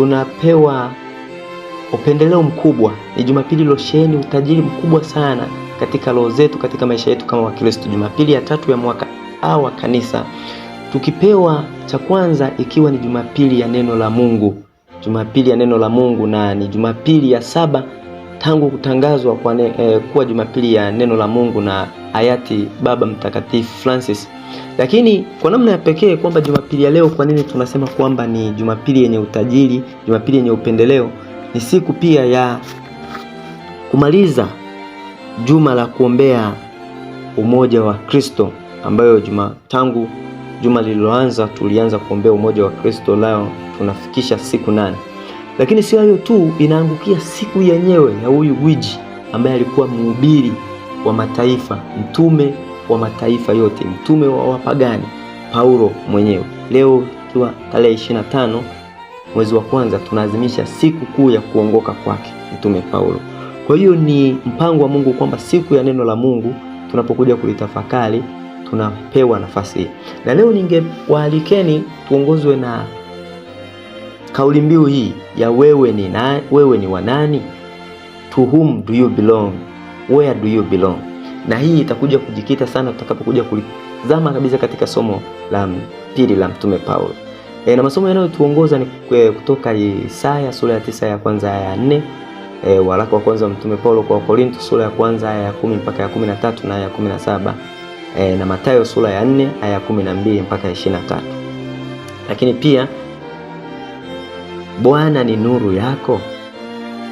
tunapewa upendeleo mkubwa. Ni Jumapili losheni utajiri mkubwa sana katika roho zetu, katika maisha yetu kama Wakristo. Jumapili ya tatu ya mwaka A wa kanisa, tukipewa cha kwanza ikiwa ni Jumapili ya neno la Mungu, Jumapili ya neno la Mungu, na ni Jumapili ya saba tangu kutangazwa kwa ne, eh, kuwa Jumapili ya neno la Mungu na hayati Baba Mtakatifu Francis lakini kwa namna ya pekee kwamba Jumapili ya leo, kwa nini tunasema kwamba ni Jumapili yenye utajiri, Jumapili yenye upendeleo? Ni siku pia ya kumaliza juma la kuombea umoja wa Kristo, ambayo juma tangu juma lililoanza tulianza kuombea umoja wa Kristo, leo tunafikisha siku nane. Lakini sio hayo tu, inaangukia siku yenyewe ya huyu gwiji ambaye alikuwa mhubiri wa mataifa, mtume wa mataifa yote, mtume wa wapagani Paulo mwenyewe. Leo ikiwa tarehe 25 mwezi wa kwanza, tunaadhimisha siku kuu ya kuongoka kwake mtume Paulo. Kwa hiyo ni mpango wa Mungu kwamba siku ya neno la Mungu tunapokuja kulitafakari tunapewa nafasi hii, na leo ningewaalikeni tuongozwe na kauli mbiu hii ya wewe ni na, Wewe ni wa nani? To whom do you belong? Where do you belong? na hii itakuja kujikita sana tutakapokuja kulizama kabisa katika somo la pili la mtume Paulo. E, na masomo yanayotuongoza ni kutoka Isaya sura ya tisa ya kwanza ya nne e, waraka wa kwanza wa mtume Paulo kwa Korinto sura ya kwanza aya ya kumi mpaka ya kumi na tatu na ya kumi na saba e, na Mathayo sura ya nne aya kumi na mbili mpaka ya ishirini na tatu. Lakini pia Bwana ni nuru yako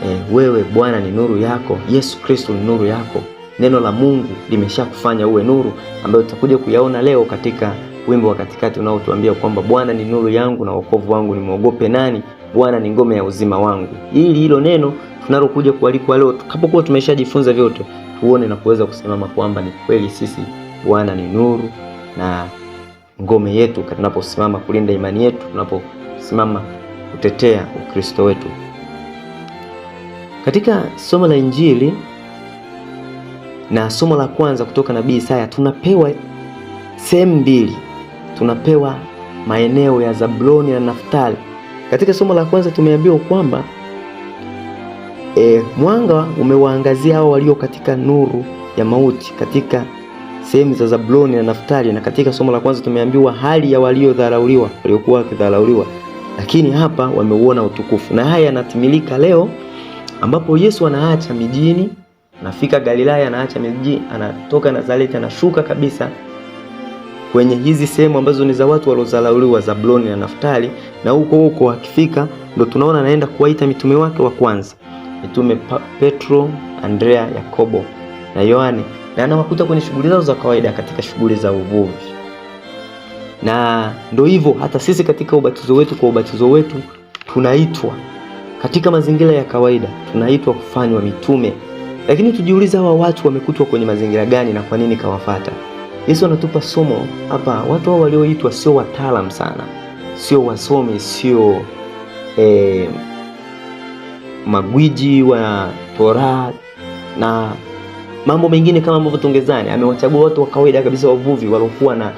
e, wewe Bwana ni nuru yako, Yesu Kristo ni nuru yako neno la Mungu limeshakufanya uwe nuru, ambayo tutakuja kuyaona leo katika wimbo wa katikati unaotuambia kwamba Bwana ni nuru yangu na wokovu wangu, nimwogope nani? Bwana ni ngome ya uzima wangu. Ili hilo neno tunalokuja kualikwa leo, tukapokuwa tumeshajifunza vyote, tuone na kuweza kusimama kwamba ni kweli sisi, Bwana ni nuru na ngome yetu, tunaposimama kulinda imani yetu, tunaposimama kutetea Ukristo wetu. Katika somo la Injili na somo la kwanza kutoka nabii Isaya, tunapewa sehemu mbili, tunapewa maeneo ya Zabuloni na Naftali. Katika somo la kwanza tumeambiwa kwamba e, mwanga umewaangazia hao walio katika nuru ya mauti katika sehemu za Zabuloni na Naftali, na katika somo la kwanza tumeambiwa hali ya waliodharauliwa, waliokuwa wakidharauliwa, lakini hapa wameuona utukufu, na haya yanatimilika leo ambapo Yesu anaacha mijini Anafika Galilaya, anaacha miji, anatoka Nazareti, anashuka kabisa kwenye hizi sehemu ambazo ni za watu waliozalauliwa Zabuloni na Naftali, na huko huko akifika ndo tunaona anaenda kuwaita mitume wake wa kwanza, mitume Petro, Andrea, Yakobo na Yohane, na anawakuta kwenye shughuli zao za kawaida, katika shughuli za uvuvi. Na ndo hivyo hata sisi katika ubatizo wetu, kwa ubatizo wetu tunaitwa katika mazingira ya kawaida, tunaitwa kufanywa mitume. Lakini tujiuliza hawa watu wamekutwa kwenye mazingira gani na kwa nini kawafata? Yesu anatupa somo hapa. Watu hao walioitwa sio wataalamu sana, sio wasomi, sio eh, magwiji wa Torah na mambo mengine kama ambavyo tungezani. Amewachagua watu wa kawaida kabisa, wavuvi waliokuwa na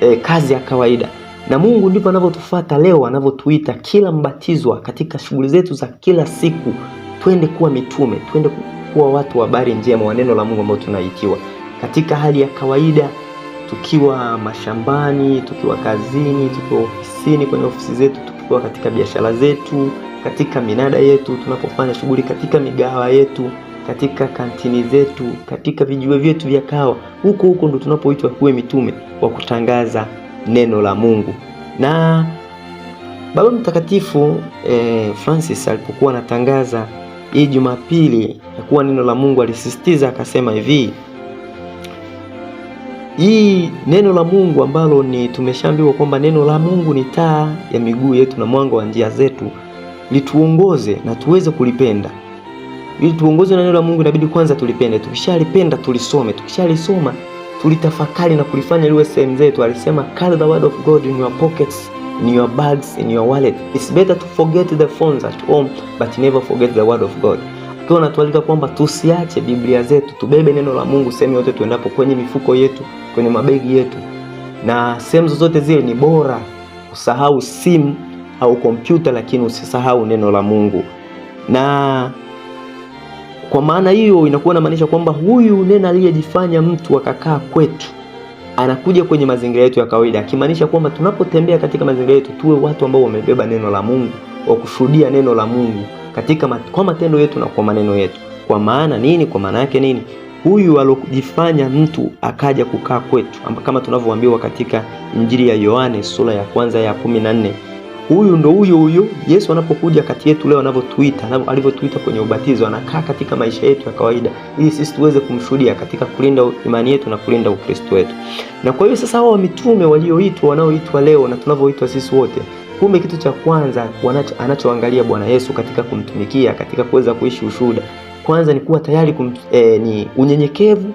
eh, kazi ya kawaida na Mungu ndipo anavyotufuata leo, anavyotuita kila mbatizwa katika shughuli zetu za kila siku, twende kuwa mitume, twende ku kuwa watu wa habari njema wa neno la Mungu ambao tunaitiwa katika hali ya kawaida, tukiwa mashambani, tukiwa kazini, tukiwa ofisini, kwenye ofisi zetu, tukiwa katika biashara zetu, katika minada yetu, tunapofanya shughuli, katika migahawa yetu, katika kantini zetu, katika vijiwe vyetu vya kahawa, huko huko ndo tunapoitwa kuwe mitume wa kutangaza neno la Mungu. Na Baba Mtakatifu eh, Francis alipokuwa anatangaza hii Jumapili ya kuwa neno la Mungu alisisitiza akasema hivi, hii neno la Mungu ambalo ni tumeshaambiwa kwamba neno la Mungu ni taa ya miguu yetu na mwanga wa njia zetu, lituongoze na tuweze kulipenda. Ili tuongozwe na neno la Mungu inabidi kwanza tulipende. Tukishalipenda tulisome, tukishalisoma tulitafakari na kulifanya liwe sehemu zetu. Alisema, carry the word of God in your pockets in your bags, in your wallet. It's better to forget the phones at home but never forget the word of God. Ukiwa unatualika kwamba tusiache Biblia zetu, tubebe neno la Mungu sehemu yote tuendapo, kwenye mifuko yetu, kwenye mabegi yetu na sehemu zozote zile. Ni bora usahau simu au kompyuta, lakini usisahau neno la Mungu na kwa maana hiyo inakuwa inamaanisha kwamba huyu nena aliyejifanya mtu akakaa kwetu anakuja kwenye mazingira yetu ya kawaida, akimaanisha kwamba tunapotembea katika mazingira yetu tuwe watu ambao wamebeba neno la Mungu, wa kushuhudia neno la Mungu katika mat, kwa matendo yetu na kwa maneno yetu. Kwa maana nini? Kwa maana yake nini? Huyu alojifanya mtu akaja kukaa kwetu, kama tunavyoambiwa katika Injili ya Yohane sura ya kwanza ya kumi na nne Huyu ndo huyo huyo Yesu anapokuja kati yetu leo, anavyotuita alivyotuita kwenye ubatizo, anakaa katika maisha yetu ya kawaida, ili sisi tuweze kumshuhudia katika kulinda imani yetu na kulinda Ukristo wetu. Na kwa hiyo sasa, hao mitume walioitwa, wanaoitwa leo na tunavyoitwa sisi wote, kumbe kitu cha kwanza anachoangalia Bwana Yesu katika kumtumikia, katika kuweza kuishi ushuhuda, kwanza ni kuwa tayari kum, eh, ni unyenyekevu,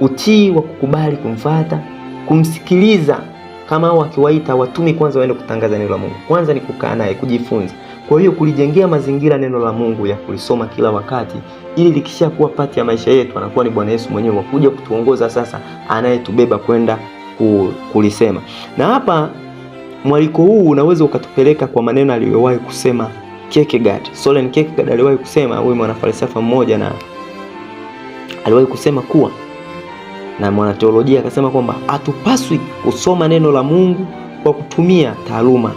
utii wa kukubali kumfata, kumsikiliza kama hao akiwaita watume kwanza waende kutangaza neno la Mungu. Kwanza ni kukaa naye kujifunza. Kwa hiyo kulijengea mazingira neno la Mungu ya kulisoma kila wakati, ili likishakuwa pati ya maisha yetu, anakuwa ni Bwana Yesu mwenyewe wakuja kutuongoza sasa, anayetubeba kwenda kulisema. Na hapa mwaliko huu unaweza ukatupeleka kwa maneno aliyowahi kusema Kierkegaard. Soren Kierkegaard aliwahi kusema, huyu mwanafalsafa mmoja, na aliwahi kusema kuwa na mwanateolojia akasema kwamba hatupaswi kusoma neno la Mungu kwa kutumia taaluma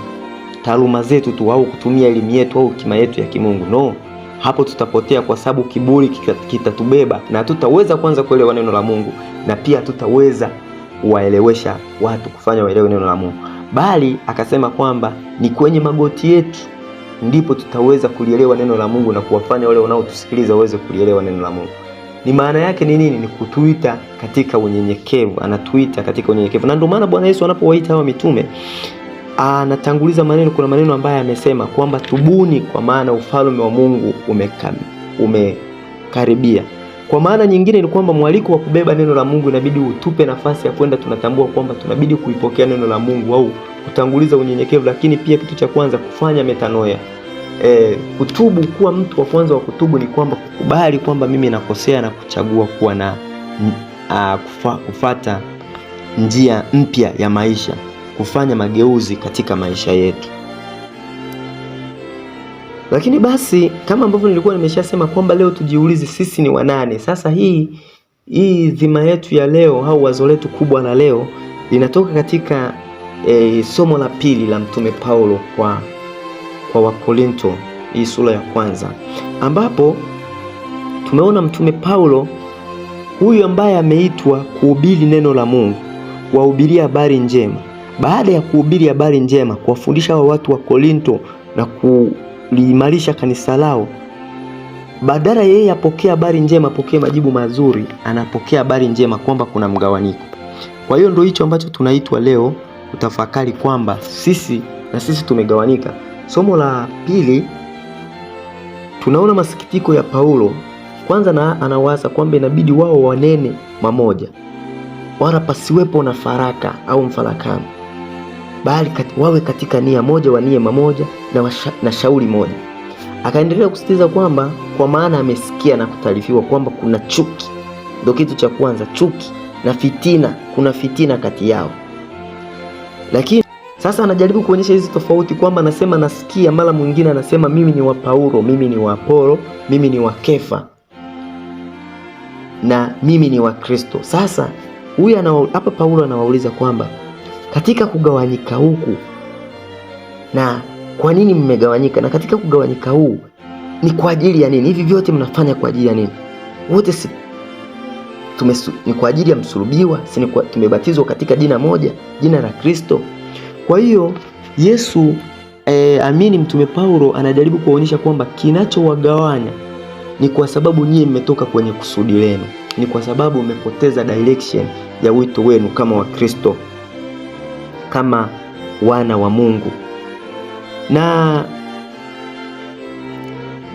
taaluma zetu tu au kutumia elimu yetu au hekima yetu ya kimungu. No, hapo tutapotea, kwa sababu kiburi kitatubeba kita na hatutaweza kwanza kuelewa neno la Mungu, na pia hatutaweza kuwaelewesha watu kufanya waelewe neno la Mungu, bali akasema kwamba ni kwenye magoti yetu ndipo tutaweza kulielewa neno la Mungu na kuwafanya wale wanaotusikiliza waweze kulielewa neno la Mungu ni maana yake ni nini? Ni kutuita katika unyenyekevu, anatuita katika unyenyekevu. Na ndio maana Bwana Yesu anapowaita hawa mitume anatanguliza maneno, kuna maneno ambayo amesema kwamba tubuni, kwa maana ufalme wa Mungu umekaribia. Kwa maana nyingine ni kwamba mwaliko wa kubeba neno la Mungu inabidi utupe nafasi ya kwenda, tunatambua kwamba tunabidi kuipokea neno la Mungu au kutanguliza unyenyekevu, lakini pia kitu cha kwanza kufanya metanoia e, kutubu, kuwa mtu wa kwanza wa kutubu ni kwamba kukubali kwamba mimi nakosea na kuchagua kuwa na uh, kufa, kufata njia mpya ya maisha, kufanya mageuzi katika maisha yetu. Lakini basi kama ambavyo nilikuwa nimeshasema kwamba leo tujiulize sisi ni wanani. Sasa hii hii dhima yetu ya leo au wazo letu kubwa la leo linatoka katika e, somo la pili la Mtume Paulo kwa kwa Wakorinto, hii sura ya kwanza, ambapo tumeona mtume Paulo huyu ambaye ameitwa kuhubiri neno la Mungu, wahubiria habari njema. Baada ya kuhubiri habari njema, kuwafundisha hawa watu wa Korinto na kuliimarisha kanisa lao, badala yeye apokee habari njema, apokee majibu mazuri, anapokea habari njema kwamba kuna mgawanyiko. Kwa hiyo ndio hicho ambacho tunaitwa leo kutafakari kwamba sisi na sisi tumegawanyika. Somo la pili tunaona masikitiko ya Paulo. Kwanza na anawaza kwamba inabidi wao wanene mamoja, wala pasiwepo na faraka au mfarakano, bali kat, wawe katika nia moja, wanie mamoja na, washa, na shauri moja. Akaendelea kusitiza kwamba kwa maana amesikia na kutaarifiwa kwamba kuna chuki, ndio kitu cha kwanza, chuki na fitina. Kuna fitina kati yao lakini sasa anajaribu kuonyesha hizi tofauti kwamba anasema nasikia, mara mwingine anasema mimi ni wa Paulo, mimi ni wa Apolo, mimi ni wa Kefa na mimi ni wa Kristo. Sasa huyu hapa Paulo anawauliza kwamba katika kugawanyika huku na kwa nini mmegawanyika, na katika kugawanyika huu ni kwa ajili ya nini? Hivi vyote mnafanya kwa ajili ya nini? Wote si tumesu, ni kwa ajili ya msulubiwa? Si tumebatizwa katika jina moja, jina la Kristo? Kwa hiyo Yesu e, amini mtume Paulo anajaribu kuwaonyesha kwamba kinachowagawanya ni kwa sababu nyie mmetoka kwenye kusudi lenu, ni kwa sababu umepoteza direction ya wito wenu kama Wakristo, kama wana wa Mungu. Na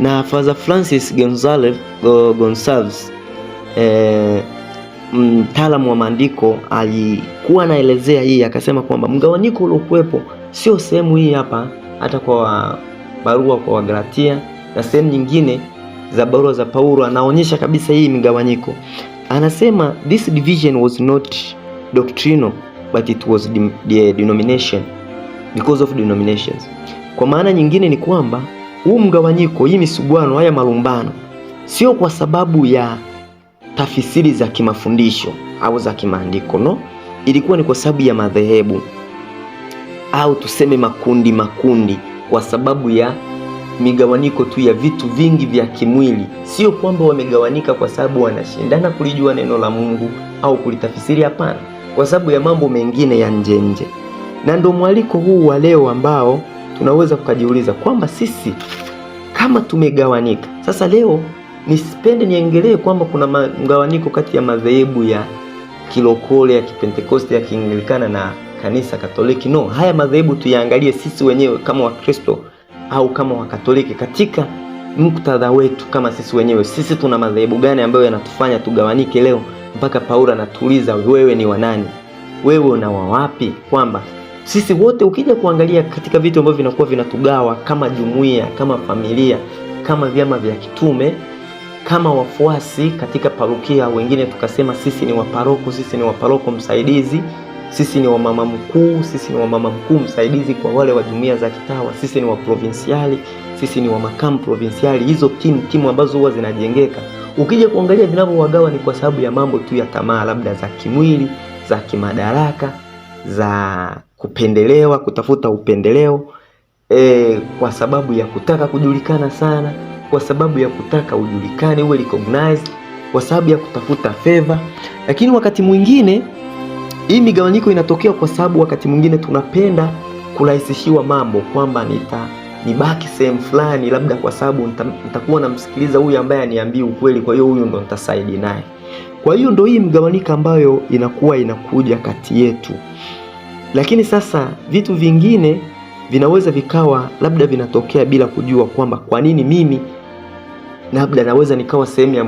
na Father Francis Gonzalez, Gonzalez, eh, mtaalamu wa maandiko alikuwa anaelezea hii, akasema kwamba mgawanyiko uliokuwepo sio sehemu hii hapa, hata kwa barua kwa Wagalatia na sehemu nyingine za barua za Paulo anaonyesha kabisa hii mgawanyiko. Anasema this division was not doctrinal but it was the denomination because of denominations. Kwa maana nyingine ni kwamba huu mgawanyiko, hii misuguano, haya malumbano sio kwa sababu ya tafsiri za kimafundisho au za kimaandiko no, ilikuwa ni kwa sababu ya madhehebu au tuseme makundi makundi, kwa sababu ya migawaniko tu ya vitu vingi vya kimwili. Sio kwamba wamegawanika kwa sababu wanashindana kulijua neno la Mungu au kulitafsiri, hapana, kwa sababu ya mambo mengine ya nje nje. Na ndo mwaliko huu wa leo ambao tunaweza kukajiuliza kwamba sisi kama tumegawanika sasa leo nisipende niengelee kwamba kuna mgawanyiko kati ya madhehebu ya kilokole ya kipentekoste ya kiinglikana na kanisa Katoliki. No, haya madhehebu tuyaangalie sisi wenyewe kama Wakristo au kama Wakatoliki katika muktadha wetu kama sisi wenyewe. Sisi tuna madhehebu gani ambayo yanatufanya tugawanyike leo? Mpaka Paulo anatuuliza wewe ni wanani? Wewe una wawapi? Kwamba sisi wote ukija kuangalia katika vitu ambavyo vinakuwa vinatugawa kama jumuiya, kama familia, kama vyama vya kitume kama wafuasi katika parokia, wengine tukasema sisi ni waparoko, sisi ni waparoko msaidizi, sisi ni wamama mkuu, sisi ni wamama mkuu msaidizi kwa wale wa jumuiya za kitawa, sisi ni waprovinsiali, sisi ni wamakamu provinsiali. Hizo timu timu ambazo huwa zinajengeka, ukija kuangalia vinavyowagawa ni kwa sababu ya mambo tu ya tamaa, labda za kimwili, za kimadaraka, za kupendelewa, kutafuta upendeleo, e, kwa sababu ya kutaka kujulikana sana kwa sababu ya kutaka ujulikane, uwe recognized, kwa sababu ya kutafuta favor. Lakini wakati mwingine hii migawanyiko inatokea kwa sababu wakati mwingine tunapenda kurahisishiwa mambo kwamba nita nibaki sehemu fulani, labda kwa sababu nitakuwa namsikiliza huyu ambaye aniambie ukweli, kwa hiyo huyu ndo nitasaidi naye. Kwa hiyo ndo hii mgawanyiko ambayo inakuwa inakuja kati yetu. Lakini sasa vitu vingine vinaweza vikawa labda vinatokea bila kujua kwamba kwa nini mimi labda naweza nikawa sehemu ya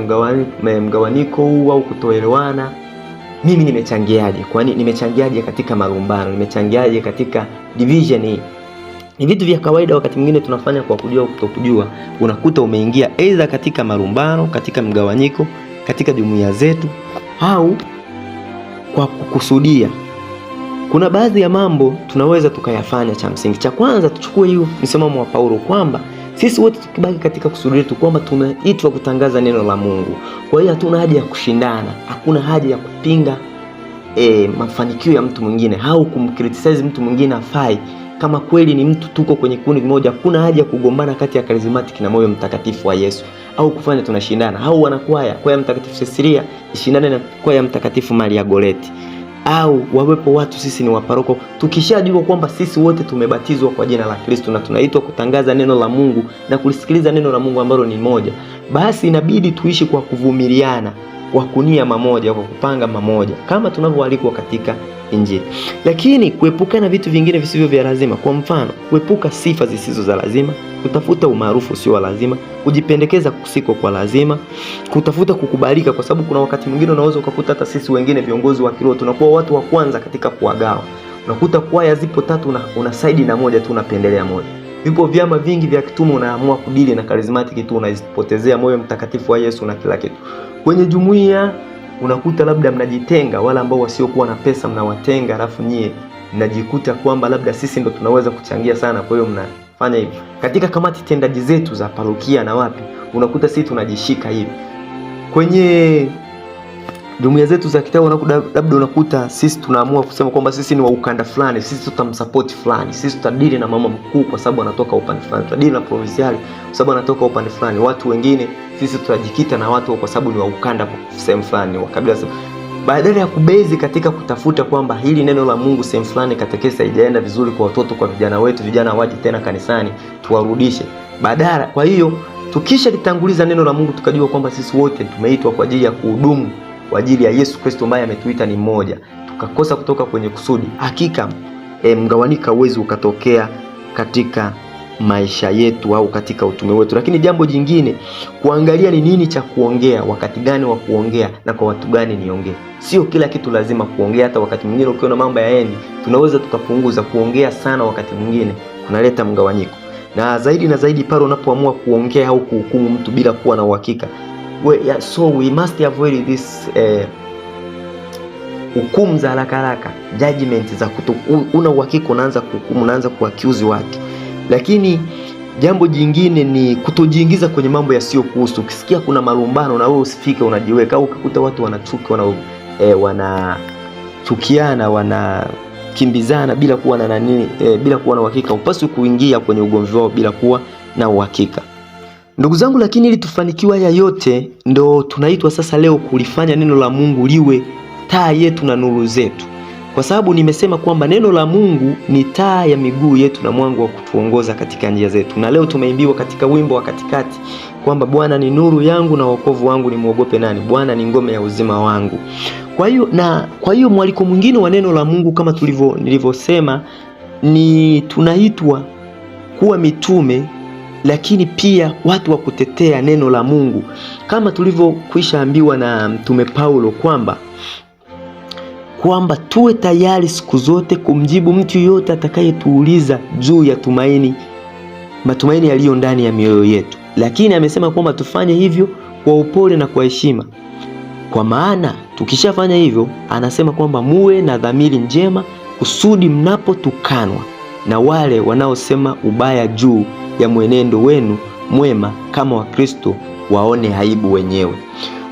mgawaniko huu au kutoelewana. Mimi nimechangiaje? Kwani nimechangiaje katika marumbano? Nimechangiaje katika division hii? Ni vitu vya kawaida, wakati mwingine tunafanya kwa kujua kutokujua. Unakuta umeingia aidha katika marumbano, katika mgawanyiko, katika jumuiya zetu, au kwa kukusudia. Kuna baadhi ya mambo tunaweza tukayafanya. Cha msingi cha kwanza tuchukue hiyo msimamo wa Paulo kwamba sisi wote tukibaki katika kusudi letu kwamba tumeitwa kutangaza neno la Mungu. Kwa hiyo hatuna haja ya kushindana, hakuna haja ya kupinga e, mafanikio ya mtu mwingine au kumcriticize mtu mwingine afai kama kweli ni mtu tuko kwenye kundi moja, hakuna haja ya kugombana kati ya karismatiki na moyo mtakatifu wa Yesu au kufanya tunashindana, au wanakwaya kwaya mtakatifu Cecilia ishindane na kwaya mtakatifu Maria Goretti au wawepo watu, sisi ni waparoko, tukishajua kwamba sisi wote tumebatizwa kwa jina la Kristo na tunaitwa kutangaza neno la Mungu na kulisikiliza neno la Mungu ambalo ni moja, basi inabidi tuishi kwa kuvumiliana, kwa kunia mamoja, kwa kupanga mamoja, kama tunavyoalikwa katika Injili, lakini kuepuka na vitu vingine visivyo vya lazima. Kwa mfano, kuepuka sifa zisizo za lazima, kutafuta umaarufu usio wa lazima, kujipendekeza kusiko kwa lazima, kutafuta kukubalika, kwa sababu kuna wakati mwingine unaweza ukakuta hata sisi wengine viongozi wa kiroho tunakuwa watu wa kwanza katika kuwagawa. Unakuta kwaya zipo tatu, una, una saidi na moja tu, unapendelea moja. Vipo vyama vingi vya kitume, unaamua kudili na karismatiki tu, unaipotezea moyo mtakatifu wa Yesu na kila kitu kwenye jumuiya unakuta labda mnajitenga, wala ambao wasiokuwa na pesa mnawatenga, alafu nyie mnajikuta kwamba labda sisi ndo tunaweza kuchangia sana, kwa hiyo mnafanya hivyo Katika kamati tendaji zetu za parokia na wapi, unakuta sisi tunajishika hivi kwenye jumuiya zetu za kitawi labda unakuta sisi tunaamua kusema kwamba sisi ni wa ukanda fulani, sisi tutamsupport fulani, sisi tutadili na mama mkuu kwa sababu anatoka upande fulani, tutadili na provincial kwa sababu anatoka upande fulani, watu wengine sisi tutajikita na watu kwa sababu ni wa ukanda sehemu fulani, wa kabila badala ya kubezi katika kutafuta kwamba hili neno la Mungu sehemu fulani katekesa haijaenda vizuri kwa watoto, kwa vijana wetu, vijana waje tena kanisani tuwarudishe badala. Kwa hiyo tukisha litanguliza neno la Mungu, tukajua kwamba sisi wote tumeitwa kwa ajili ya kuhudumu kwa ajili ya Yesu Kristo ambaye ametuita ni mmoja, tukakosa kutoka kwenye kusudi, hakika e, eh, mgawanyiko hauwezi ukatokea katika maisha yetu au katika utume wetu. Lakini jambo jingine, kuangalia ni nini cha kuongea, wakati gani wa kuongea, na kwa watu gani niongee. Sio kila kitu lazima kuongea. Hata wakati mwingine ukiona mambo yaendi, tunaweza tukapunguza kuongea sana. Wakati mwingine kunaleta mgawanyiko, na zaidi na zaidi pale unapoamua kuongea au kuhukumu mtu bila kuwa na uhakika we, yeah, so we must avoid this eh, hukumu za haraka haraka, judgment za kuto, una uhakika unaanza kuhukumu, unaanza kuaccuse watu. Lakini jambo jingine ni kutojiingiza kwenye mambo yasiyokuhusu. Ukisikia kuna malumbano na wewe usifike unajiweka, au ukikuta watu wanachuki wana, eh, wanachukiana wana kimbizana bila kuwa na nani, eh, bila kuwa na uhakika, upaswi kuingia kwenye ugomvi wao bila kuwa na uhakika. Ndugu zangu, lakini ili tufanikiwa haya yote, ndo tunaitwa sasa leo kulifanya neno la Mungu liwe taa yetu na nuru zetu, kwa sababu nimesema kwamba neno la Mungu ni taa ya miguu yetu na mwangu wa kutuongoza katika njia zetu. Na leo tumeimbiwa katika wimbo wa katikati kwamba Bwana ni nuru yangu na wokovu wangu, nimwogope nani? Bwana ni ngome ya uzima wangu. Kwa hiyo na kwa hiyo mwaliko mwingine wa neno la Mungu kama tulivyo nilivyosema, ni tunaitwa kuwa mitume lakini pia watu wa kutetea neno la Mungu, kama tulivyokwisha ambiwa na Mtume Paulo kwamba kwamba tuwe tayari siku zote kumjibu mtu yote atakayetuuliza juu ya tumaini, matumaini yaliyo ndani ya mioyo yetu, lakini amesema kwamba tufanye hivyo kwa upole na kwa heshima, kwa maana tukishafanya hivyo, anasema kwamba muwe na dhamiri njema, kusudi mnapotukanwa na wale wanaosema ubaya juu ya mwenendo wenu mwema kama Wakristo waone aibu wenyewe.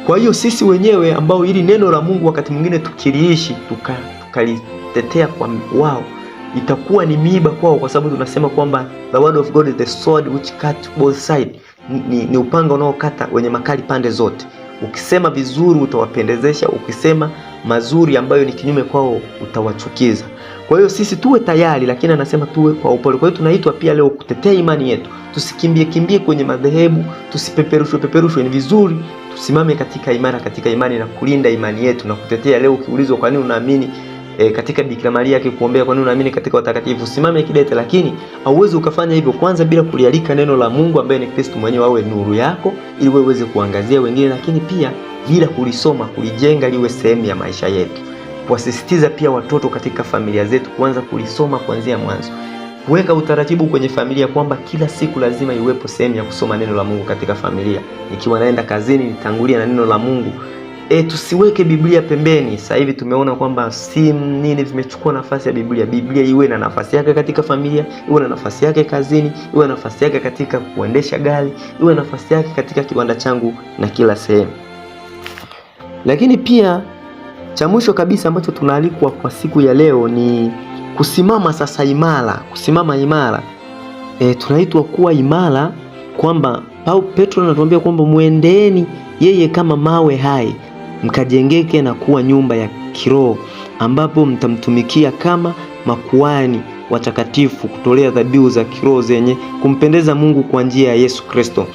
Kwa hiyo sisi wenyewe ambao ili neno la Mungu wakati mwingine tukiliishi tukalitetea tuka kwa wao itakuwa ni miiba kwao, kwa sababu tunasema kwamba the word of God is the sword which cut both side, ni, ni upanga unaokata wenye makali pande zote. Ukisema vizuri utawapendezesha, ukisema mazuri ambayo ni kinyume kwao utawachukiza. Kwa hiyo sisi tuwe tayari, lakini anasema tuwe kwa upole. Kwa hiyo tunaitwa pia leo kutetea imani yetu, tusikimbie kimbie kwenye madhehebu, tusipeperushwe peperushwe. Ni vizuri tusimame katika imara, katika imani na kulinda imani yetu na kutetea. Leo ukiulizwa kwa nini unaamini E, katika Bikira Maria akikuombea kwa nini unaamini katika watakatifu, simame kidete, lakini hauwezi ukafanya hivyo kwanza bila kulialika neno la Mungu ambaye ni Kristo mwenyewe awe nuru yako, ili wewe uweze kuangazia wengine, lakini pia bila kulisoma, kulijenga liwe sehemu ya maisha yetu kuwasisitiza pia watoto katika familia zetu kuanza kulisoma kuanzia mwanzo, kuweka utaratibu kwenye familia kwamba kila siku lazima iwepo sehemu ya kusoma neno la Mungu katika familia. Nikiwa naenda kazini, nitangulia na neno la Mungu. E, tusiweke Biblia pembeni. Sasa hivi tumeona kwamba simu nini vimechukua nafasi ya Biblia. Biblia iwe na nafasi yake katika familia, iwe na nafasi yake kazini, iwe na nafasi yake katika kuendesha gari, iwe na nafasi yake katika kiwanda changu na kila sehemu. Lakini pia cha mwisho kabisa ambacho tunaalikwa kwa siku ya leo ni kusimama sasa imara, kusimama imara. E, tunaitwa kuwa imara kwamba Petro anatuambia kwamba muendeeni yeye kama mawe hai mkajengeke na kuwa nyumba ya kiroho ambapo mtamtumikia kama makuani watakatifu, kutolea dhabihu za kiroho zenye kumpendeza Mungu kwa njia ya Yesu Kristo.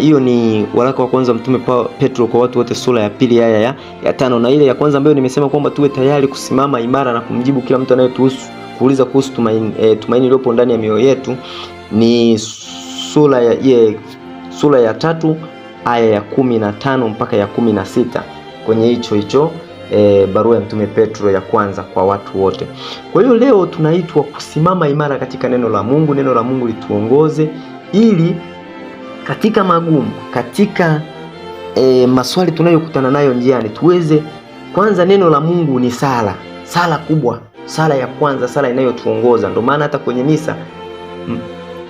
Hiyo ni waraka wa kwanza Mtume Petro kwa watu wote sura ya pili aya ya, ya tano na ile ya kwanza ambayo nimesema kwamba tuwe tayari kusimama imara na kumjibu kila mtu anayetuhusu kuuliza kuhusu tumaini e, tumaini iliyopo ndani ya mioyo yetu ni sura ya, ye, sura ya tatu aya ya kumi na tano mpaka ya kumi na sita kwenye hicho hicho e, barua ya Mtume Petro ya kwanza kwa watu wote. Kwa hiyo leo tunaitwa kusimama imara katika neno la Mungu, neno la Mungu lituongoze ili katika magumu, katika e, maswali tunayokutana nayo njiani tuweze kwanza, neno la Mungu ni sala, sala kubwa, sala ya kwanza, sala inayotuongoza. Ndio maana hata kwenye misa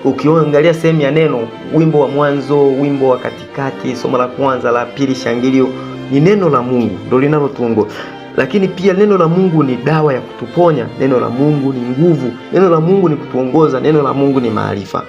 ukiangalia sehemu ya neno, wimbo wa mwanzo, wimbo wa katikati, somo la kwanza, la pili, shangilio ni neno la Mungu ndio linalotuongoza, lakini pia neno la Mungu ni dawa ya kutuponya. Neno la Mungu ni nguvu. Neno la Mungu ni kutuongoza. Neno la Mungu ni maarifa.